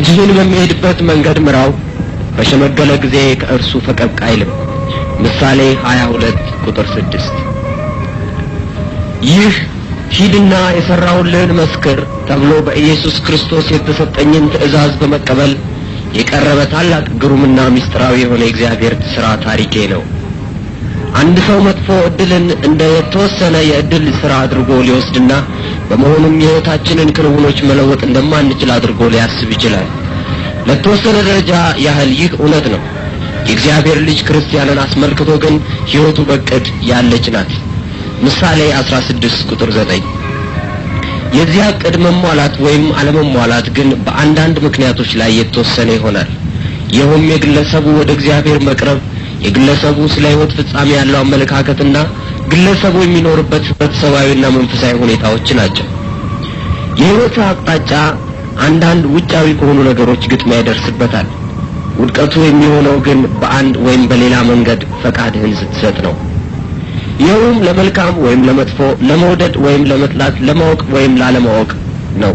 ልጅህን በሚሄድበት መንገድ ምራው፣ በሸመገለ ጊዜ ከእርሱ ፈቀቅ አይልም። ምሳሌ 22 ቁጥር 6። ይህ ሂድና የሠራውልህን መስክር ተብሎ በኢየሱስ ክርስቶስ የተሰጠኝን ትእዛዝ በመቀበል የቀረበ ታላቅ ግሩምና ምስጢራዊ የሆነ የእግዚአብሔር ሥራ ታሪኬ ነው። አንድ ሰው መጥፎ እድልን እንደ የተወሰነ የእድል ስራ አድርጎ ሊወስድና በመሆኑም የህይወታችንን ክንውኖች መለወጥ እንደማንችል አድርጎ ሊያስብ ይችላል። ለተወሰነ ደረጃ ያህል ይህ እውነት ነው። የእግዚአብሔር ልጅ ክርስቲያንን አስመልክቶ ግን ህይወቱ በቅድ ያለች ናት። ምሳሌ 16 ቁጥር 9 የዚያ እቅድ መሟላት ወይም አለመሟላት ግን በአንዳንድ ምክንያቶች ላይ የተወሰነ ይሆናል። ይኸውም የግለሰቡ ወደ እግዚአብሔር መቅረብ የግለሰቡ ስለ ህይወት ፍጻሜ ያለው አመለካከትና ግለሰቡ የሚኖርበት ህብረተሰባዊና መንፈሳዊ ሁኔታዎች ናቸው። የህይወት አቅጣጫ አንዳንድ ውጫዊ ከሆኑ ነገሮች ግጥሚያ ይደርስበታል። ውድቀቱ የሚሆነው ግን በአንድ ወይም በሌላ መንገድ ፈቃድህን ስትሰጥ ነው። ይኸውም ለመልካም ወይም ለመጥፎ፣ ለመውደድ ወይም ለመጥላት፣ ለማወቅ ወይም ላለማወቅ ነው።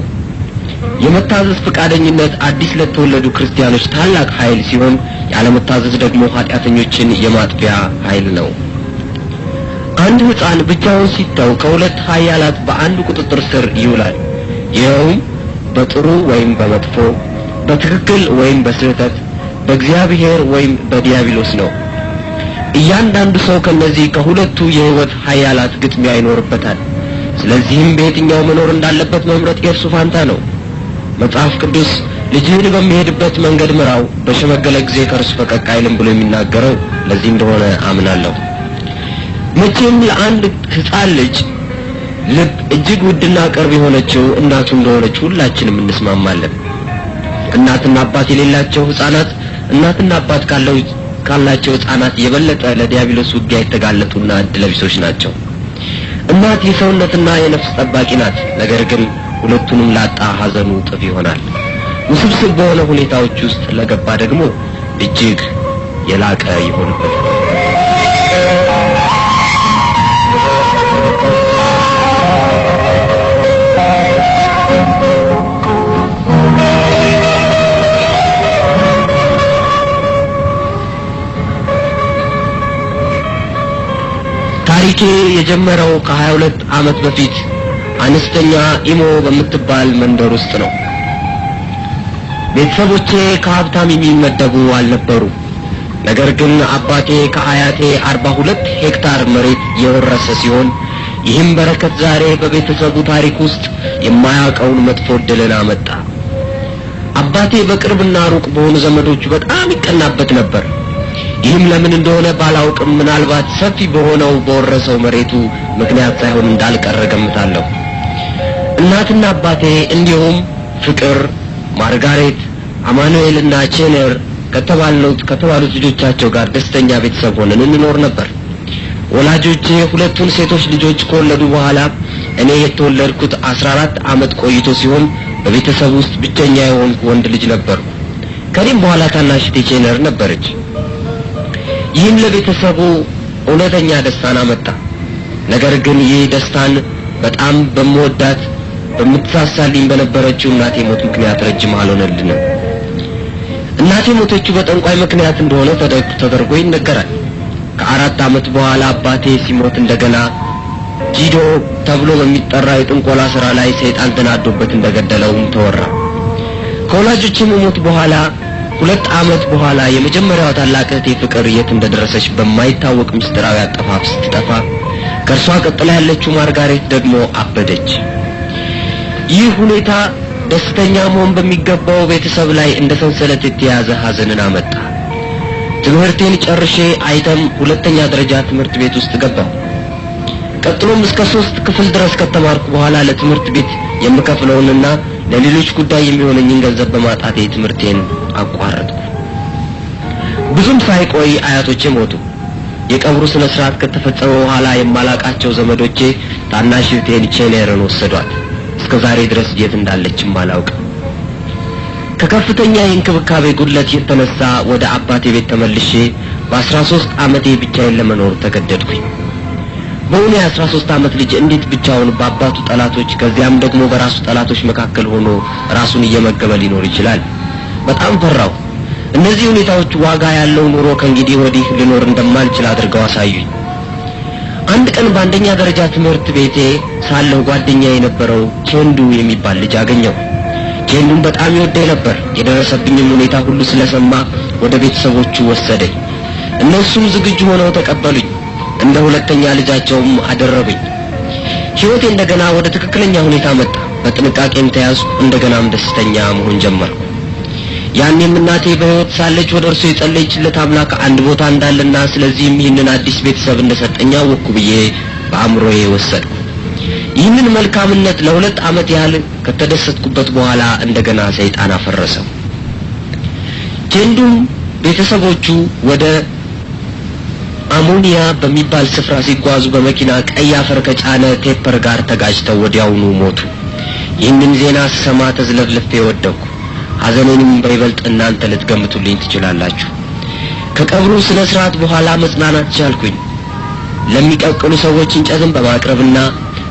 የመታዘዝ ፈቃደኝነት አዲስ ለተወለዱ ክርስቲያኖች ታላቅ ኃይል ሲሆን ያለመታዘዝ ደግሞ ኃጢአተኞችን የማጥፊያ ኃይል ነው። አንድ ሕፃን ብቻውን ሲተው ከሁለት ኃያላት በአንድ ቁጥጥር ስር ይውላል። ይኸውም በጥሩ ወይም በመጥፎ፣ በትክክል ወይም በስህተት፣ በእግዚአብሔር ወይም በዲያብሎስ ነው። እያንዳንዱ ሰው ከእነዚህ ከሁለቱ የሕይወት ኃያላት ግጥሚያ ይኖርበታል። ስለዚህም በየትኛው መኖር እንዳለበት መምረጥ የእርሱ ፋንታ ነው። መጽሐፍ ቅዱስ ልጅህን በሚሄድበት መንገድ ምራው፣ በሸመገለ ጊዜ ከእርሱ ፈቀቅ አይልም ብሎ የሚናገረው ለዚህ እንደሆነ አምናለሁ። መቼም ለአንድ ሕፃን ልጅ ልብ እጅግ ውድና ቅርብ የሆነችው እናቱ እንደሆነች ሁላችንም እንስማማለን። እናትና አባት የሌላቸው ሕፃናት እናትና አባት ካላቸው ሕፃናት የበለጠ ለዲያብሎስ ውጊያ የተጋለጡና እድለቢሶች ናቸው። እናት የሰውነትና የነፍስ ጠባቂ ናት። ነገር ግን ሁለቱንም ላጣ ሐዘኑ ጥፍ ይሆናል። ውስብስብ በሆነ ሁኔታዎች ውስጥ ለገባ ደግሞ እጅግ የላቀ ይሆንበት። ታሪኬ የጀመረው ከ22 ዓመት በፊት አነስተኛ ኢሞ በምትባል መንደር ውስጥ ነው። ቤተሰቦቼ ከሀብታም የሚመደቡ አልነበሩ። ነገር ግን አባቴ ከአያቴ አርባ ሁለት ሄክታር መሬት የወረሰ ሲሆን ይህም በረከት ዛሬ በቤተሰቡ ታሪክ ውስጥ የማያውቀውን መጥፎ ዕድልን አመጣ። አባቴ በቅርብና ሩቅ በሆኑ ዘመዶቹ በጣም ይቀናበት ነበር። ይህም ለምን እንደሆነ ባላውቅም ምናልባት ሰፊ በሆነው በወረሰው መሬቱ ምክንያት ሳይሆን እንዳልቀረ ገምታለሁ። እናትና አባቴ እንዲሁም ፍቅር፣ ማርጋሬት አማኑኤልና ቼኔር ከተባሉት ከተባሉት ልጆቻቸው ጋር ደስተኛ ቤተሰብ ሆነን እንኖር ነበር። ወላጆቼ ሁለቱን ሴቶች ልጆች ከወለዱ በኋላ እኔ የተወለድኩት 14 አራት ዓመት ቆይቶ ሲሆን በቤተሰብ ውስጥ ብቸኛ የሆንኩ ወንድ ልጅ ነበርኩ። ከኔም በኋላ ታናሽ ቴቼነር ነበረች። ይህም ለቤተሰቡ እውነተኛ ደስታን አመጣ። ነገር ግን ይህ ደስታን በጣም በምወዳት በምትሳሳልኝ በነበረችው እናቴ ሞት ምክንያት ረጅም አልሆነልንም። እናቴ ሞተችው በጠንቋይ ምክንያት እንደሆነ ተደርጎ ይነገራል። ከአራት ዓመት በኋላ አባቴ ሲሞት እንደገና ጂዶ ተብሎ በሚጠራ የጥንቆላ ስራ ላይ ሰይጣን ተናዶበት እንደገደለውም ተወራ። ከወላጆችም ሞት በኋላ ሁለት ዓመት በኋላ የመጀመሪያዋ ታላቅ እህቴ ፍቅር የት እንደደረሰች በማይታወቅ ምስጢራዊ አጠፋፍ ስትጠፋ ከእርሷ ቀጥላ ያለችው ማርጋሬት ደግሞ አበደች። ይህ ሁኔታ ደስተኛ መሆን በሚገባው ቤተሰብ ላይ እንደ ሰንሰለት የተያዘ ሐዘንን አመጣ። ትምህርቴን ጨርሼ አይተም ሁለተኛ ደረጃ ትምህርት ቤት ውስጥ ገባሁ። ቀጥሎም እስከ ሶስት ክፍል ድረስ ከተማርኩ በኋላ ለትምህርት ቤት የምከፍለውንና ለሌሎች ጉዳይ የሚሆነኝን ገንዘብ በማጣቴ ትምህርቴን አቋረጥኩ። ብዙም ሳይቆይ አያቶቼ ሞቱ። የቀብሩ ስነ ስርዓት ከተፈጸመ በኋላ የማላቃቸው ዘመዶቼ ታናሽ እህቴን ቼኔርን ወሰዷት። እስከ ዛሬ ድረስ የት እንዳለችም አላውቅም። ከከፍተኛ የእንክብካቤ ጉድለት የተነሳ ወደ አባቴ ቤት ተመልሼ በአስራ ሶስት ዓመቴ ብቻዬን ለመኖር ተገደድኩኝ። በእውኑ የአስራ ሶስት ዓመት ልጅ እንዴት ብቻውን በአባቱ ጠላቶች ከዚያም ደግሞ በራሱ ጠላቶች መካከል ሆኖ ራሱን እየመገበ ሊኖር ይችላል? በጣም ፈራው እነዚህ ሁኔታዎች ዋጋ ያለው ኑሮ ከእንግዲህ ወዲህ ልኖር እንደማልችል አድርገው አሳዩኝ። አንድ ቀን በአንደኛ ደረጃ ትምህርት ቤቴ ሳለሁ ጓደኛ የነበረው ኬንዱ የሚባል ልጅ አገኘው። ኬንዱን በጣም ይወደኝ ነበር። የደረሰብኝም ሁኔታ ሁሉ ስለሰማ ወደ ቤተሰቦቹ ወሰደኝ። እነሱም ዝግጁ ሆነው ተቀበሉኝ። እንደ ሁለተኛ ልጃቸውም አደረጉኝ። ሕይወቴ እንደገና ወደ ትክክለኛ ሁኔታ መጣ። በጥንቃቄም ተያዝኩ። እንደገናም ደስተኛ መሆን ጀመርኩ። ያኔም እናቴ በሕይወት ሳለች ወደ እርሱ የጸለይችለት አምላክ አንድ ቦታ እንዳለና ስለዚህም ይህንን አዲስ ቤተሰብ እንደሰጠኝ አወቅኩ ብዬ በአእምሮዬ ወሰድኩ። ይህንን መልካምነት ለሁለት ዓመት ያህል ከተደሰትኩበት በኋላ እንደገና ሰይጣን አፈረሰው። ቴንዱም ቤተሰቦቹ ወደ አሞኒያ በሚባል ስፍራ ሲጓዙ በመኪና ቀይ አፈር ከጫነ ቴፐር ጋር ተጋጭተው ወዲያውኑ ሞቱ። ይህንን ዜና ስሰማ ተዝለፍልፌ ወደኩ። ሐዘኔንም በይበልጥ እናንተ ልትገምቱልኝ ትችላላችሁ። ከቀብሩ ስነ ስርዓት በኋላ መጽናናት ቻልኩኝ። ለሚቀቅሉ ሰዎች እንጨትን በማቅረብና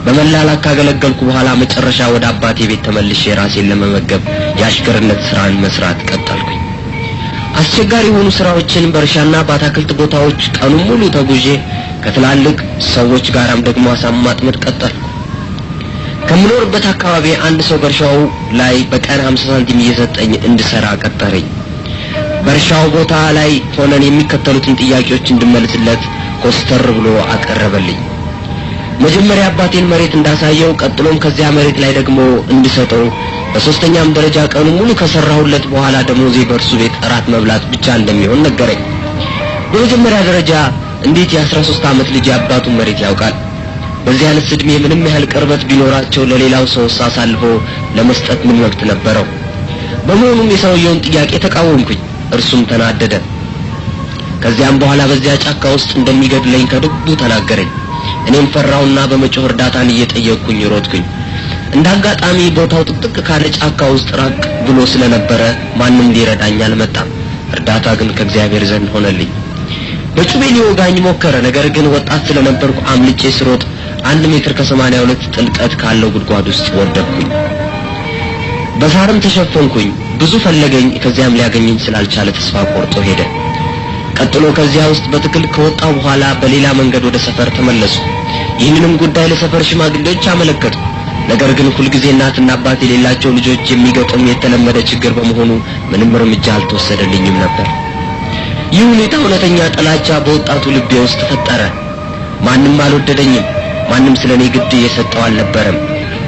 በመላላክ ካገለገልኩ በኋላ መጨረሻ ወደ አባቴ ቤት ተመልሼ ራሴን ለመመገብ የአሽከርነት ስራን መስራት ቀጠልኩኝ። አስቸጋሪ የሆኑ ስራዎችን በእርሻና በአታክልት ቦታዎች ቀኑን ሙሉ ተጉዤ ከትላልቅ ሰዎች ጋራም ደግሞ አሳማጥመድ ቀጠል ከምኖርበት አካባቢ አንድ ሰው በእርሻው ላይ በቀን 50 ሳንቲም እየሰጠኝ እንድሰራ ቀጠረኝ። በእርሻው ቦታ ላይ ሆነን የሚከተሉትን ጥያቄዎች እንድመልስለት ኮስተር ብሎ አቀረበልኝ። መጀመሪያ አባቴን መሬት እንዳሳየው፣ ቀጥሎም ከዚያ መሬት ላይ ደግሞ እንድሰጠው፣ በሶስተኛም ደረጃ ቀኑ ሙሉ ከሰራሁለት በኋላ ደሞዜ በእርሱ ቤት እራት መብላት ብቻ እንደሚሆን ነገረኝ። በመጀመሪያ ደረጃ እንዴት የአስራ ሶስት ዓመት ልጅ አባቱን መሬት ያውቃል? በዚህ አይነት እድሜ ምንም ያህል ቅርበት ቢኖራቸው ለሌላው ሰው አሳልፎ ለመስጠት ምን መብት ነበረው? በመሆኑም የሰውየውን ጥያቄ ተቃወምኩኝ። እርሱም ተናደደ። ከዚያም በኋላ በዚያ ጫካ ውስጥ እንደሚገድለኝ ከልቡ ተናገረኝ። እኔም ፈራውና በመጮህ እርዳታን እየጠየቅኩኝ ሮጥኩኝ። እንደ አጋጣሚ ቦታው ጥቅጥቅ ካለ ጫካ ውስጥ ራቅ ብሎ ስለነበረ ማንም ሊረዳኝ አልመጣም። እርዳታ ግን ከእግዚአብሔር ዘንድ ሆነልኝ። በጩቤ ሊወጋኝ ሞከረ። ነገር ግን ወጣት ስለነበርኩ አምልጬ ስሮጥ አንድ ሜትር ከሰማንያ ሁለት ጥልቀት ካለው ጉድጓድ ውስጥ ወደቅኩኝ። በሳርም ተሸፈንኩኝ። ብዙ ፈለገኝ፣ ከዚያም ሊያገኘኝ ስላልቻለ ተስፋ ቆርጦ ሄደ። ቀጥሎ ከዚያ ውስጥ በትክል ከወጣው በኋላ በሌላ መንገድ ወደ ሰፈር ተመለሱ። ይህንንም ጉዳይ ለሰፈር ሽማግሌዎች አመለከቱ። ነገር ግን ሁልጊዜ እናትና አባት የሌላቸው ልጆች የሚገጥም የተለመደ ችግር በመሆኑ ምንም እርምጃ አልተወሰደልኝም ነበር። ይህ ሁኔታ እውነተኛ ጥላቻ በወጣቱ ልቤ ውስጥ ተፈጠረ። ማንም አልወደደኝም። ማንም ስለ እኔ ግድ እየሰጠው አልነበረም።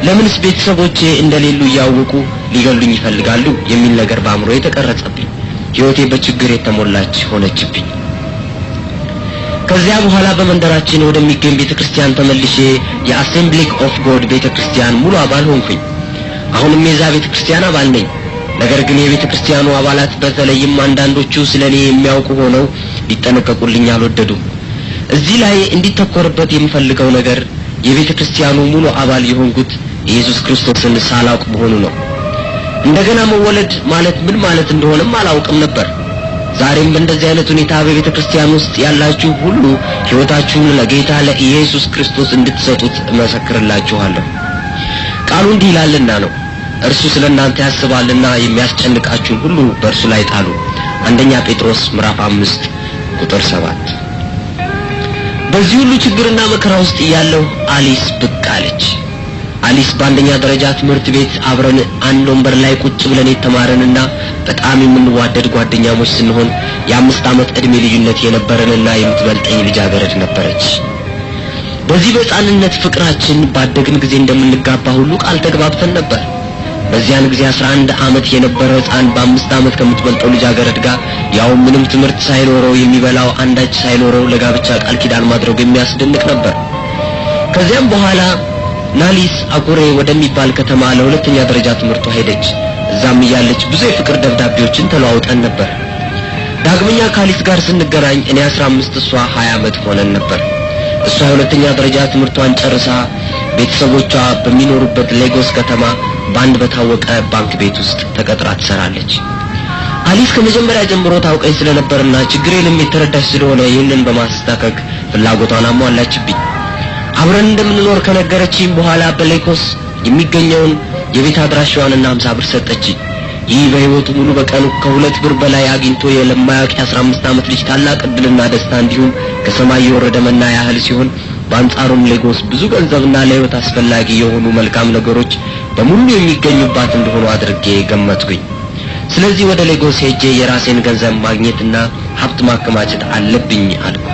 ለምንስ ቤተሰቦቼ እንደሌሉ እያወቁ ሊገሉኝ ይፈልጋሉ የሚል ነገር በአእምሮ የተቀረጸብኝ፣ ህይወቴ በችግር የተሞላች ሆነችብኝ። ከዚያ በኋላ በመንደራችን ወደሚገኝ ቤተ ክርስቲያን ተመልሼ የአሴምብሊ ኦፍ ጎድ ቤተ ክርስቲያን ሙሉ አባል ሆንኩኝ። አሁንም የዛ ቤተ ክርስቲያን አባል ነኝ። ነገር ግን የቤተ ክርስቲያኑ አባላት በተለይም አንዳንዶቹ ስለ እኔ የሚያውቁ ሆነው ሊጠነቀቁልኝ አልወደዱም። እዚህ ላይ እንዲተኮርበት የሚፈልገው ነገር የቤተ ክርስቲያኑ ሙሉ አባል የሆንኩት ኢየሱስ ክርስቶስን ሳላውቅ መሆኑ ነው። እንደገና መወለድ ማለት ምን ማለት እንደሆነም አላውቅም ነበር። ዛሬም በእንደዚህ አይነት ሁኔታ በቤተ ክርስቲያን ውስጥ ያላችሁ ሁሉ ሕይወታችሁን ለጌታ ለኢየሱስ ክርስቶስ እንድትሰጡት እመሰክርላችኋለሁ። ቃሉ እንዲህ ይላልና ነው እርሱ ስለ እናንተ ያስባልና የሚያስጨንቃችሁን ሁሉ በእርሱ ላይ ጣሉ። አንደኛ ጴጥሮስ ምዕራፍ አምስት ቁጥር ሰባት በዚህ ሁሉ ችግርና መከራ ውስጥ እያለሁ አሊስ ብቅ አለች። አሊስ በአንደኛ ደረጃ ትምህርት ቤት አብረን አንድ ወንበር ላይ ቁጭ ብለን የተማረንና በጣም የምንዋደድ ጓደኛሞች ስንሆን የአምስት ዓመት ዕድሜ ልዩነት የነበረንና የምትበልጠኝ ልጃገረድ ነበረች። በዚህ በሕፃንነት ፍቅራችን ባደግን ጊዜ እንደምንጋባ ሁሉ ቃል ተግባብተን ነበር። በዚያን ጊዜ አስራ አንድ ዓመት የነበረ ሕፃን በአምስት ዓመት ከምትበልጠው ልጃገረድ ጋር ያው ምንም ትምህርት ሳይኖረው የሚበላው አንዳች ሳይኖረው ለጋብቻ ቃል ኪዳን ማድረጉ የሚያስደንቅ ነበር። ከዚያም በኋላ ናሊስ አኩሬ ወደሚባል ከተማ ለሁለተኛ ደረጃ ትምህርቷ ሄደች። እዛም እያለች ብዙ የፍቅር ደብዳቤዎችን ተለዋውጠን ነበር። ዳግመኛ ካሊስ ጋር ስንገናኝ እኔ 15 እሷ 20 ዓመት ሆነን ነበር። እሷ የሁለተኛ ደረጃ ትምህርቷን ጨርሳ ቤተሰቦቿ በሚኖሩበት ሌጎስ ከተማ በአንድ በታወቀ ባንክ ቤት ውስጥ ተቀጥራ ትሰራለች። አሊስ ከመጀመሪያ ጀምሮ ታውቀኝ ስለነበርና ችግሬንም የተረዳች ስለሆነ ይህንን በማስታከክ ፍላጎቷን አሟላችብኝ። አብረን እንደምንኖር ከነገረችኝ በኋላ በሌኮስ የሚገኘውን የቤት አድራሻዋንና ሀምሳ ብር ሰጠችኝ። ይህ በህይወቱ ሙሉ በቀኑ ከሁለት ብር በላይ አግኝቶ የለማያውቅ የአስራ አምስት ዓመት ልጅ ታላቅ እድልና ደስታ እንዲሁም ከሰማይ የወረደ መና ያህል ሲሆን በአንጻሩም ሌጎስ ብዙ ገንዘብና ለህይወት አስፈላጊ የሆኑ መልካም ነገሮች በሙሉ የሚገኙባት እንደሆኑ አድርጌ ገመትኩኝ። ስለዚህ ወደ ሌጎስ ሄጄ የራሴን ገንዘብ ማግኘትና ሀብት ማከማቸት አለብኝ አልኩ።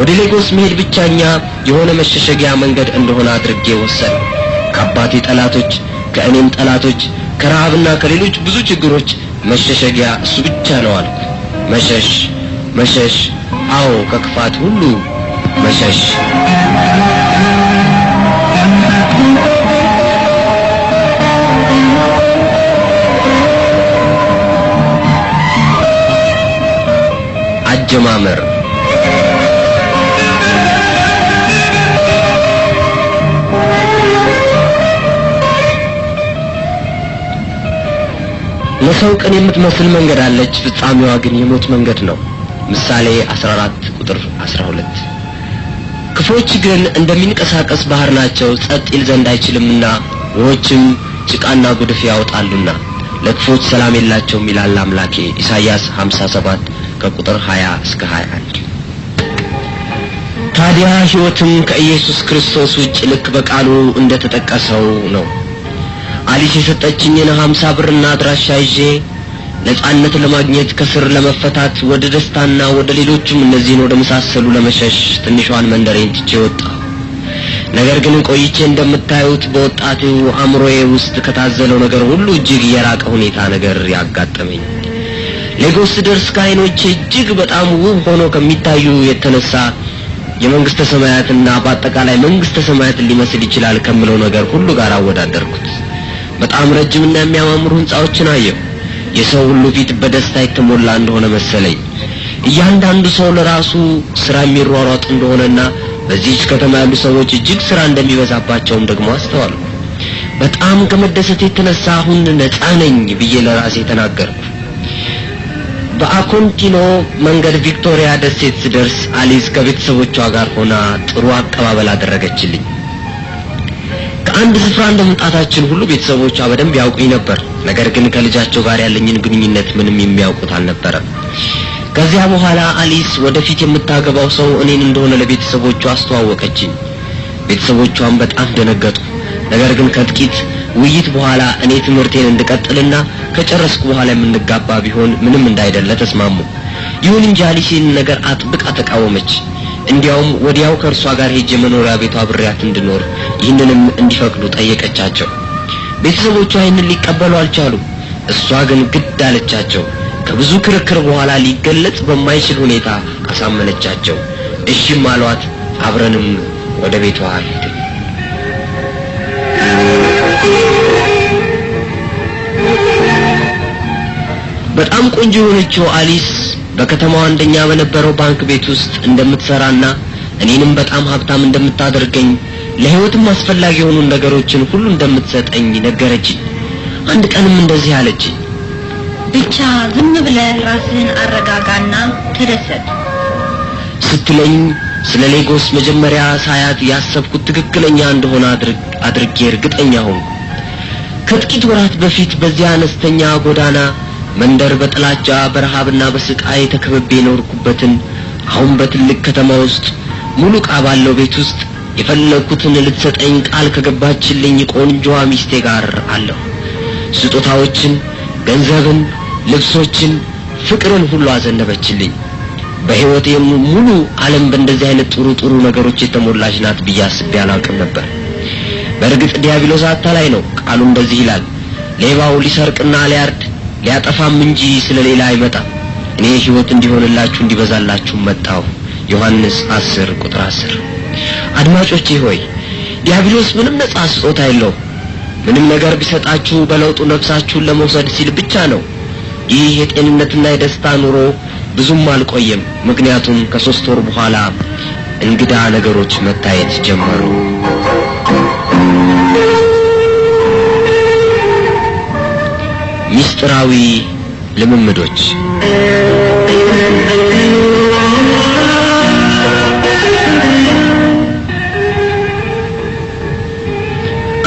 ወደ ሌጎስ መሄድ ብቻኛ የሆነ መሸሸጊያ መንገድ እንደሆነ አድርጌ ወሰነ። ከአባቴ ጠላቶች፣ ከእኔም ጠላቶች፣ ከረሃብና ከሌሎች ብዙ ችግሮች መሸሸጊያ እሱ ብቻ ነው አልኩ። መሸሽ መሸሽ፣ አዎ ከክፋት ሁሉ መሸሽ አጀማመር ለሰው ቀን የምትመስል መንገድ አለች፣ ፍጻሜዋ ግን የሞት መንገድ ነው። ምሳሌ 14 ቁጥር 12 ክፎች ግን እንደሚንቀሳቀስ ባህር ናቸው፣ ጸጥ ይል ዘንድ አይችልምና ውኆችም ጭቃና ጉድፍ ያወጣሉና ለክፎች ሰላም የላቸውም ይላል አምላኬ። ኢሳይያስ 57 ከቁጥር 20 እስከ 21። ታዲያ ሕይወትም ከኢየሱስ ክርስቶስ ውጭ ልክ በቃሉ እንደተጠቀሰው ነው። አሊስ የሰጠችኝን ሀምሳ ብርና አድራሻ ይዤ ነጻነት ለማግኘት ከስር ለመፈታት ወደ ደስታና ወደ ሌሎችም እነዚህን ወደ መሳሰሉ ለመሸሽ ትንሿን መንደሬን ትቼ ወጣሁ። ነገር ግን ቆይቼ እንደምታዩት በወጣቴው አእምሮዬ ውስጥ ከታዘለው ነገር ሁሉ እጅግ የራቀ ሁኔታ ነገር ያጋጠመኝ። ሌጎስ ደርስ ከአይኖች እጅግ በጣም ውብ ሆኖ ከሚታዩ የተነሳ የመንግስተ ሰማያትና በአጠቃላይ መንግስተ ሰማያትን ሊመስል ይችላል ከምለው ነገር ሁሉ ጋር አወዳደርኩት። በጣም ረጅምና የሚያማምሩ ህንጻዎችን አየሁ። የሰው ሁሉ ፊት በደስታ የተሞላ እንደሆነ መሰለኝ። እያንዳንዱ ሰው ለራሱ ስራ የሚሯሯጥ እንደሆነና በዚህች ከተማ ያሉ ሰዎች እጅግ ስራ እንደሚበዛባቸውም ደግሞ አስተዋሉ። በጣም ከመደሰት የተነሳ አሁን ነጻ ነኝ ብዬ ለራሴ ተናገርኩ። በአኮንቲኖ መንገድ ቪክቶሪያ ደሴት ስደርስ አሊዝ ከቤተሰቦቿ ጋር ሆና ጥሩ አቀባበል አደረገችልኝ። ከአንድ ስፍራ እንደ ሁሉ ቤተሰቦቿ በደንብ ያውቁኝ ነበር። ነገር ግን ከልጃቸው ጋር ያለኝን ግንኙነት ምንም የሚያውቁት አልነበረም። ከዚያ በኋላ አሊስ ወደፊት የምታገባው ሰው እኔን እንደሆነ ለቤተሰቦቿ አስተዋወቀችኝ። ቤተሰቦቿም በጣም ደነገጡ። ነገር ግን ከጥቂት ውይይት በኋላ እኔ ትምህርቴን እንድቀጥልና ከጨረስኩ በኋላ የምንጋባ ቢሆን ምንም እንዳይደለ ተስማሙ። ይሁን እንጂ አሊስ ይህን ነገር አጥብቃ ተቃወመች። እንዲያውም ወዲያው ከእርሷ ጋር ሄጄ መኖሪያ ቤቷ አብሬያት እንድኖር ይህንንም እንዲፈቅዱ ጠየቀቻቸው። ቤተሰቦቿ ይህንን ሊቀበሉ አልቻሉ እሷ ግን ግድ አለቻቸው። ከብዙ ክርክር በኋላ ሊገለጽ በማይችል ሁኔታ አሳመነቻቸው። እሺም አሏት። አብረንም ወደ ቤቷ ሄድን። በጣም ቆንጆ የሆነችው አሊስ በከተማው አንደኛ በነበረው ባንክ ቤት ውስጥ እንደምትሰራና እኔንም በጣም ሀብታም እንደምታደርገኝ ለህይወትም አስፈላጊ የሆኑ ነገሮችን ሁሉ እንደምትሰጠኝ ነገረችኝ። አንድ ቀንም እንደዚህ አለችኝ፣ ብቻ ዝም ብለህ ራስህን አረጋጋና ተደሰት ስትለኝ ስለ ሌጎስ መጀመሪያ ሳያት ያሰብኩት ትክክለኛ እንደሆነ አድርጌ እርግጠኛ ሆንኩ። ከጥቂት ወራት በፊት በዚያ አነስተኛ ጎዳና መንደር በጥላቻ በረሃብና በስቃይ ተከብቤ የኖርኩበትን አሁን በትልቅ ከተማ ውስጥ ሙሉ ዕቃ ባለው ቤት ውስጥ የፈለግኩትን ልትሰጠኝ ቃል ከገባችልኝ ቆንጆዋ ሚስቴ ጋር አለሁ። ስጦታዎችን፣ ገንዘብን፣ ልብሶችን፣ ፍቅርን ሁሉ አዘነበችልኝ። በሕይወቴም ሙሉ ዓለም በእንደዚህ አይነት ጥሩ ጥሩ ነገሮች የተሞላች ናት ብዬ አስቤ አላውቅም ነበር። በእርግጥ ዲያብሎስ ላይ ነው። ቃሉ እንደዚህ ይላል፣ ሌባው ሊሰርቅና ሊያርድ ሊያጠፋም እንጂ ስለ ሌላ አይመጣም። እኔ ሕይወት እንዲሆንላችሁ እንዲበዛላችሁ መጣሁ። ዮሐንስ 10 ቁጥር 10 አድማጮቼ ሆይ ዲያብሎስ ምንም ነጻ ስጦታ የለውም። ምንም ነገር ቢሰጣችሁ በለውጡ ነፍሳችሁን ለመውሰድ ሲል ብቻ ነው። ይህ የጤንነትና የደስታ ኑሮ ብዙም አልቆየም። ምክንያቱም ከሶስት ወር በኋላ እንግዳ ነገሮች መታየት ጀመሩ። ምስጢራዊ ልምምዶች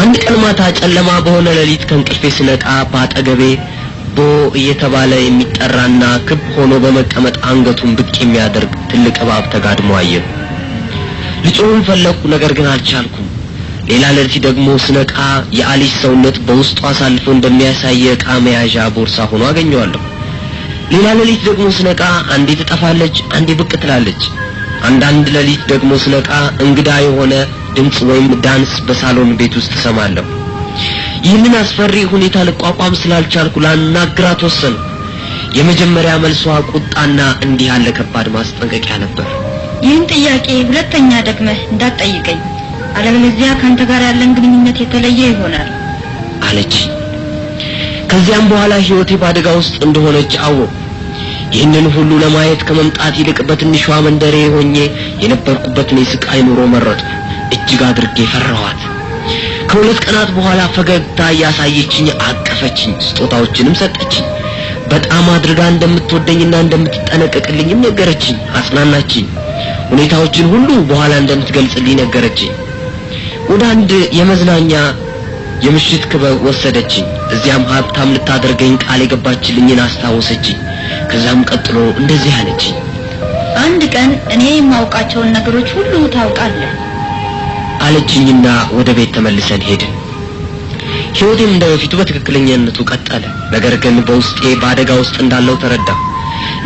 አንድ ቀን ማታ ጨለማ በሆነ ሌሊት ከእንቅልፌ ስነቃ በአጠገቤ ቦ እየተባለ የሚጠራና ክብ ሆኖ በመቀመጥ አንገቱን ብቅ የሚያደርግ ትልቅ እባብ ተጋድሞ አየሁ። ልጮህም ፈለግኩ ነገር ግን አልቻልኩ ሌላ ለርጂ ደግሞ ስነቃ የአሊስ ሰውነት በውስጡ አሳልፎ እንደሚያሳየ ዕቃ መያዣ ቦርሳ ሆኖ አገኘዋለሁ። ሌላ ሌሊት ደግሞ ስነ ዕቃ አንዴ ትጠፋለች፣ አንዴ ብቅ ትላለች። አንዳንድ ሌሊት ደግሞ ስነ ዕቃ እንግዳ የሆነ ድምፅ ወይም ዳንስ በሳሎን ቤት ውስጥ ሰማለሁ። ይህንን አስፈሪ ሁኔታ ልቋቋም ስላልቻልኩ ላናግራት ወሰን። የመጀመሪያ መልሷ ቁጣና እንዲህ ያለ ከባድ ማስጠንቀቂያ ነበር። ይህን ጥያቄ ሁለተኛ ደግመህ እንዳትጠይቀኝ አለበለዚያ ከአንተ ጋር ያለን ግንኙነት የተለየ ይሆናል አለች። ከዚያም በኋላ ህይወቴ በአደጋ ውስጥ እንደሆነች አወቅሁ። ይህንን ሁሉ ለማየት ከመምጣት ይልቅ በትንሿ መንደሬ ሆኜ የነበርኩበትን የስቃይ ኑሮ መረጥኩ። እጅግ አድርጌ ፈራኋት። ከሁለት ቀናት በኋላ ፈገግታ እያሳየችኝ አቀፈችኝ፣ ስጦታዎችንም ሰጠችኝ። በጣም አድርጋ እንደምትወደኝና እንደምትጠነቀቅልኝም ነገረችኝ፣ አጽናናችኝ። ሁኔታዎችን ሁሉ በኋላ እንደምትገልጽልኝ ነገረችኝ። ወደ አንድ የመዝናኛ የምሽት ክበብ ወሰደችኝ። እዚያም ሀብታም ልታደርገኝ ቃል የገባችልኝን አስታወሰችኝ። ከዛም ቀጥሎ እንደዚህ አለችኝ። አንድ ቀን እኔ የማውቃቸውን ነገሮች ሁሉ ታውቃለህ አለችኝና ወደ ቤት ተመልሰን ሄድን። ሕይወቴም እንደ በፊቱ በትክክለኛነቱ ቀጠለ። ነገር ግን በውስጤ በአደጋ ውስጥ እንዳለው ተረዳ።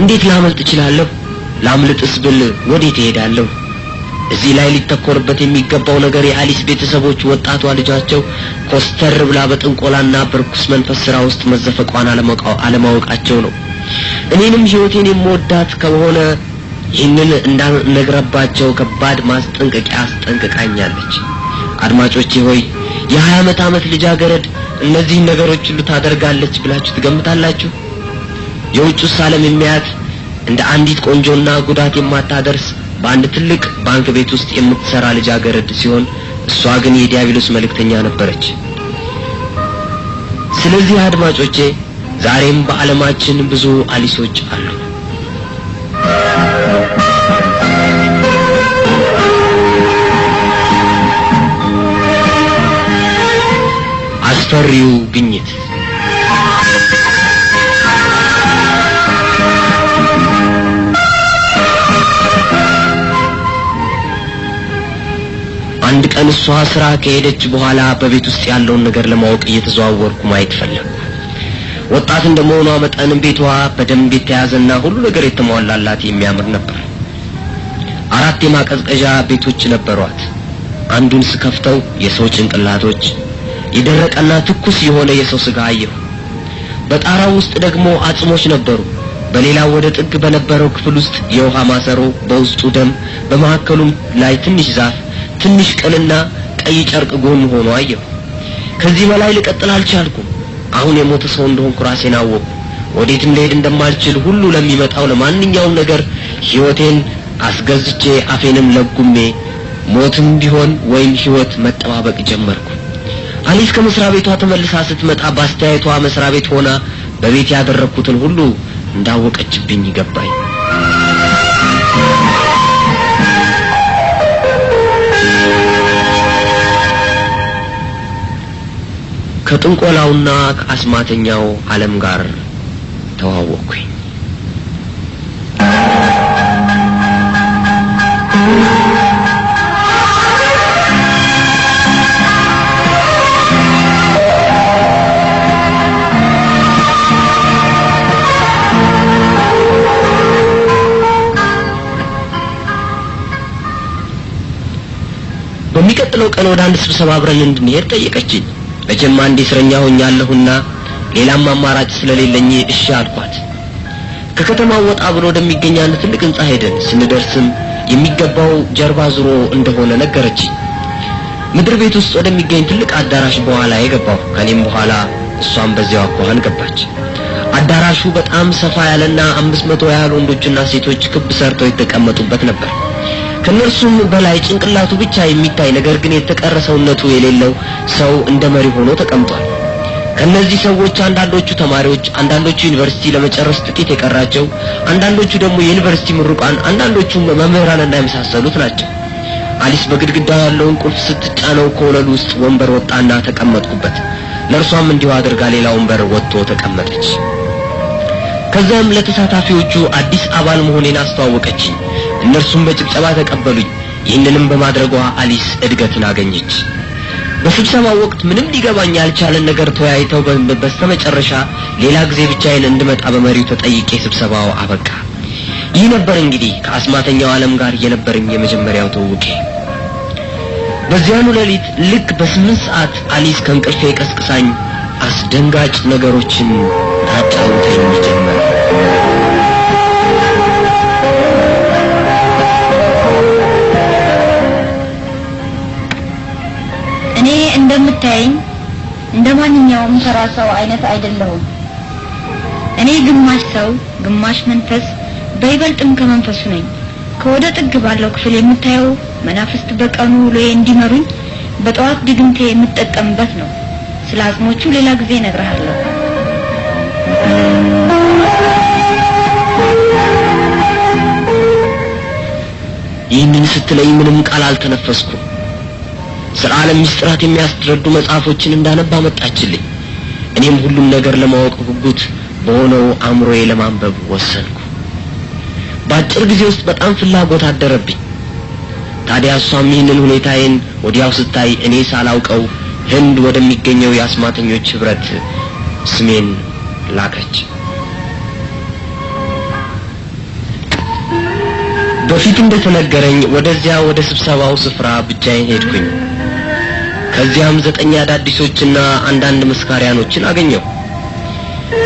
እንዴት ላመልጥ እችላለሁ? ላምልጥስ ብል ወዴት እሄዳለሁ? እዚህ ላይ ሊተኮርበት የሚገባው ነገር የአሊስ ቤተሰቦች ወጣቷ ልጃቸው ኮስተር ብላ በጥንቆላና በርኩስ መንፈስ ስራ ውስጥ መዘፈቋን አለማወቃቸው ነው። እኔንም ሕይወቴን የምወዳት ከሆነ ይህንን እንዳነግረባቸው ከባድ ማስጠንቀቂያ አስጠንቅቃኛለች። አድማጮቼ ሆይ የሀያ ዓመት ዓመት ልጃገረድ እነዚህን ነገሮች ሁሉ ታደርጋለች ብላችሁ ትገምታላችሁ? የውጭ ውስ ዓለም እንደ አንዲት ቆንጆና ጉዳት የማታደርስ በአንድ ትልቅ ባንክ ቤት ውስጥ የምትሰራ ልጃገረድ ሲሆን እሷ ግን የዲያብሎስ መልእክተኛ ነበረች። ስለዚህ አድማጮቼ ዛሬም በዓለማችን ብዙ አሊሶች አሉ። አስፈሪው ግኝት አንድ ቀን እሷ ስራ ከሄደች በኋላ በቤት ውስጥ ያለውን ነገር ለማወቅ እየተዘዋወርኩ ማየት ፈለግኩ። ወጣት እንደመሆኗ መጠን ቤቷ በደንብ የተያዘና ሁሉ ነገር የተሟላላት የሚያምር ነበር። አራት የማቀዝቀዣ ቤቶች ነበሯት። አንዱን ስከፍተው የሰው ጭንቅላቶች፣ የደረቀና ትኩስ የሆነ የሰው ስጋ አየሁ። በጣራው ውስጥ ደግሞ አጽሞች ነበሩ። በሌላው ወደ ጥግ በነበረው ክፍል ውስጥ የውሃ ማሰሮ፣ በውስጡ ደም፣ በመካከሉም ላይ ትንሽ ዛፍ ትንሽ ቅልና ቀይ ጨርቅ ጎን ሆኖ አየሁ። ከዚህ በላይ ልቀጥል አልቻልኩም። አሁን የሞተ ሰው እንደሆንኩ ራሴን አወቅኩ። ወዴትም ልሄድ እንደማልችል ሁሉ ለሚመጣው ለማንኛውም ነገር ሕይወቴን አስገዝቼ አፌንም ለጉሜ ሞትም ቢሆን ወይም ሕይወት መጠባበቅ ጀመርኩ። አሊስ ከመስሪያ ቤቷ ተመልሳ ስትመጣ በአስተያየቷ መስሪያ ቤት ሆና በቤት ያደረግኩትን ሁሉ እንዳወቀችብኝ ይገባኝ። ከጥንቆላውና ከአስማተኛው ዓለም ጋር ተዋወቅኩኝ። በሚቀጥለው ቀን ወደ አንድ ስብሰባ አብረን እንድንሄድ ጠየቀችኝ። መቼም አንድ እስረኛ ሆኛለሁና ሌላም አማራጭ ስለሌለኝ እሺ አልኳት። ከከተማው ወጣ ብሎ ወደሚገኝ አንድ ትልቅ ህንጻ ሄደን ስንደርስም የሚገባው ጀርባ ዙሮ እንደሆነ ነገረች ምድር ቤት ውስጥ ወደሚገኝ ትልቅ አዳራሽ በኋላ የገባሁ ከኔም በኋላ እሷም በዚያው አኳኋን ገባች። አዳራሹ በጣም ሰፋ ያለና አምስት መቶ ያህል ወንዶችና ሴቶች ክብ ሰርተው የተቀመጡበት ነበር። ከነርሱም በላይ ጭንቅላቱ ብቻ የሚታይ ነገር ግን የተቀረ ሰውነቱ የሌለው ሰው እንደ መሪ ሆኖ ተቀምጧል። ከነዚህ ሰዎች አንዳንዶቹ ተማሪዎች፣ አንዳንዶቹ ዩኒቨርሲቲ ለመጨረስ ጥቂት የቀራቸው፣ አንዳንዶቹ ደግሞ የዩኒቨርሲቲ ምሩቃን፣ አንዳንዶቹ መምህራንና የመሳሰሉት ናቸው። አሊስ በግድግዳ ያለውን ቁልፍ ስትጫነው ከወለሉ ውስጥ ወንበር ወጣና ተቀመጥኩበት። ለእርሷም እንዲሁ አድርጋ ሌላ ወንበር ወጥቶ ተቀመጠች። ከዚያም ለተሳታፊዎቹ አዲስ አባል መሆኔን አስተዋወቀች እነርሱም በጭብጨባ ተቀበሉኝ። ይህንንም በማድረጓ አሊስ እድገትን አገኘች። በስብሰባው ወቅት ምንም ሊገባኝ ያልቻለን ነገር ተወያይተው በስተመጨረሻ ሌላ ጊዜ ብቻዬን እንድመጣ በመሪው ተጠይቄ ስብሰባው አበቃ። ይህ ነበር እንግዲህ ከአስማተኛው ዓለም ጋር የነበረኝ የመጀመሪያው ትውውቄ። በዚያኑ ሌሊት ልክ በስምንት ሰዓት አሊስ ከእንቅልፌ ቀስቅሳኝ አስደንጋጭ ነገሮችን ታጫውተኝ እንደ ማንኛውም ተራ ሰው አይነት አይደለሁም። እኔ ግማሽ ሰው ግማሽ መንፈስ፣ በይበልጥም ከመንፈሱ ነኝ። ከወደ ጥግ ባለው ክፍል የምታየው መናፍስት በቀኑ ውሎዬ እንዲመሩኝ በጠዋት ድግምቴ የምጠቀምበት ነው። ስለ አጽሞቹ ሌላ ጊዜ እነግርሃለሁ። ይህንን ስትለኝ ምንም ቃል አልተነፈስኩም። ስለ ዓለም ምስጢራት የሚያስረዱ መጽሐፎችን እንዳነባ መጣችልኝ። እኔም ሁሉም ነገር ለማወቅ ጉጉት በሆነው አእምሮዬ ለማንበብ ወሰንኩ። በአጭር ጊዜ ውስጥ በጣም ፍላጎት አደረብኝ። ታዲያ እሷም ይህንን ሁኔታዬን ወዲያው ስታይ እኔ ሳላውቀው ህንድ ወደሚገኘው የአስማተኞች ህብረት ስሜን ላከች። በፊት እንደተነገረኝ ወደዚያ ወደ ስብሰባው ስፍራ ብቻዬን ሄድኩኝ። ከዚያም ዘጠኝ አዳዲሶችና አንዳንድ መስካሪያኖችን አገኘው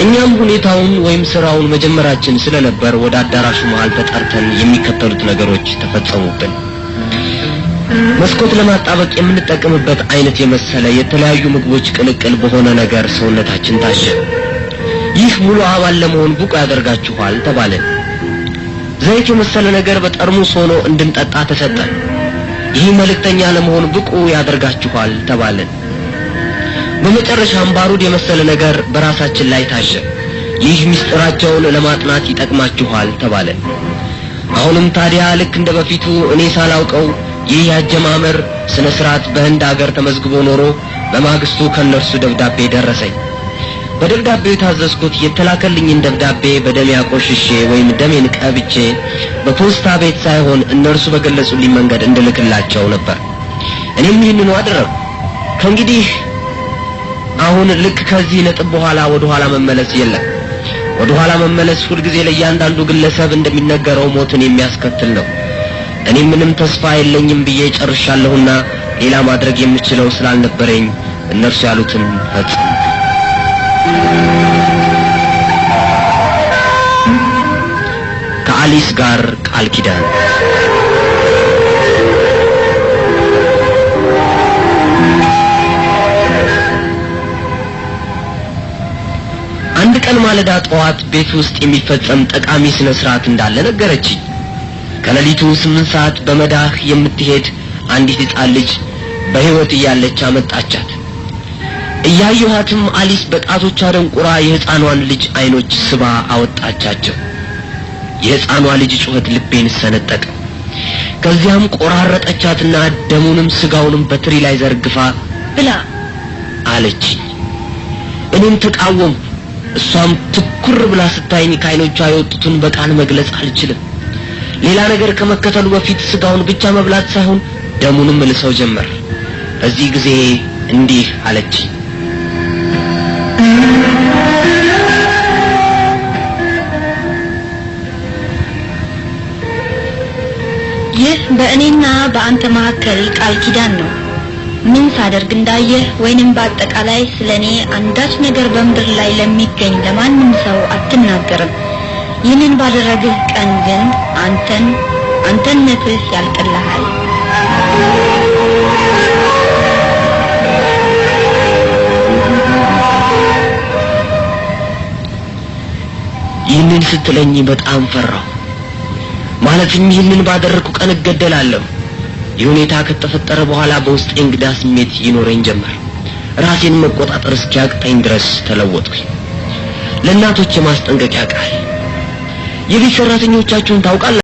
እኛም ሁኔታውን ወይም ስራውን መጀመራችን ስለነበር ወደ አዳራሹ መሃል ተጠርተን የሚከተሉት ነገሮች ተፈጸሙብን። መስኮት ለማጣበቅ የምንጠቀምበት አይነት የመሰለ የተለያዩ ምግቦች ቅልቅል በሆነ ነገር ሰውነታችን ታሸ። ይህ ሙሉ አባል ለመሆን ብቁ ያደርጋችኋል ተባለ። ዘይት የመሰለ ነገር በጠርሙስ ሆኖ እንድንጠጣ ተሰጠን። ይህ መልእክተኛ ለመሆን ብቁ ያደርጋችኋል ተባልን። በመጨረሻም ባሩድ የመሰለ ነገር በራሳችን ላይ ታሸ ይህ ምስጢራቸውን ለማጥናት ይጠቅማችኋል ተባለን። አሁንም ታዲያ ልክ እንደ በፊቱ እኔ ሳላውቀው ይህ ያጀማመር ስነ ስርዓት በህንድ አገር ተመዝግቦ ኖሮ በማግስቱ ከእነርሱ ደብዳቤ ደረሰኝ። በደብዳቤው የታዘዝኩት የተላከልኝን ደብዳቤ በደሜ ያቆሽሼ ወይም ደሜን ቀብቼ በፖስታ ቤት ሳይሆን እነርሱ በገለጹልኝ መንገድ እንድልክላቸው ነበር። እኔም ይህንኑ አደረግኩ። ከእንግዲህ አሁን ልክ ከዚህ ነጥብ በኋላ ወደ ኋላ መመለስ የለም። ወደ ኋላ መመለስ ሁልጊዜ ለእያንዳንዱ ግለሰብ እንደሚነገረው ሞትን የሚያስከትል ነው። እኔ ምንም ተስፋ የለኝም ብዬ ጨርሻለሁና ሌላ ማድረግ የምችለው ስላልነበረኝ እነርሱ ያሉትን ፈጽም ከአሊስ ጋር ቃል ኪዳን አንድ ቀን ማለዳ ጠዋት ቤት ውስጥ የሚፈጸም ጠቃሚ ስነ ስርዓት እንዳለ ነገረችኝ። ከሌሊቱ ስምንት ሰዓት በመዳህ የምትሄድ አንዲት ሕፃን ልጅ በህይወት እያለች አመጣቻት። እያየኋትም አሊስ በጣቶቿ ደንቁራ የሕፃኗን ልጅ አይኖች ስባ አወጣቻቸው። የሕፃኗ ልጅ ጩኸት ልቤን ሰነጠቀ። ከዚያም ቆራረጠቻትና ደሙንም ስጋውንም በትሪ ላይ ዘርግፋ ብላ አለችኝ። እኔም ተቃወም። እሷም ትኩር ብላ ስታይኝ ከዐይኖቿ የወጡትን በቃል መግለጽ አልችልም። ሌላ ነገር ከመከተሉ በፊት ስጋውን ብቻ መብላት ሳይሆን ደሙንም እልሰው ጀመር። በዚህ ጊዜ እንዲህ አለችኝ። በእኔና በአንተ መካከል ቃል ኪዳን ነው። ምን ሳደርግ እንዳየህ ወይንም በአጠቃላይ ስለ እኔ አንዳች ነገር በምድር ላይ ለሚገኝ ለማንም ሰው አትናገርም። ይህንን ባደረግህ ቀን ግን አንተን አንተነትህ ያልቅልሃል። ይህንን ስትለኝ በጣም ፈራሁ። ማለትም ይህንን ባደረግኩ ቀን እገደላለሁ። ይህ ሁኔታ ከተፈጠረ በኋላ በውስጥ የእንግዳ ስሜት ይኖረኝ ጀመር። ራሴን መቆጣጠር እስኪያቅተኝ ድረስ ተለወጥኩኝ። ለእናቶች የማስጠንቀቂያ ቃል የቤት ሰራተኞቻችሁን ታውቃላ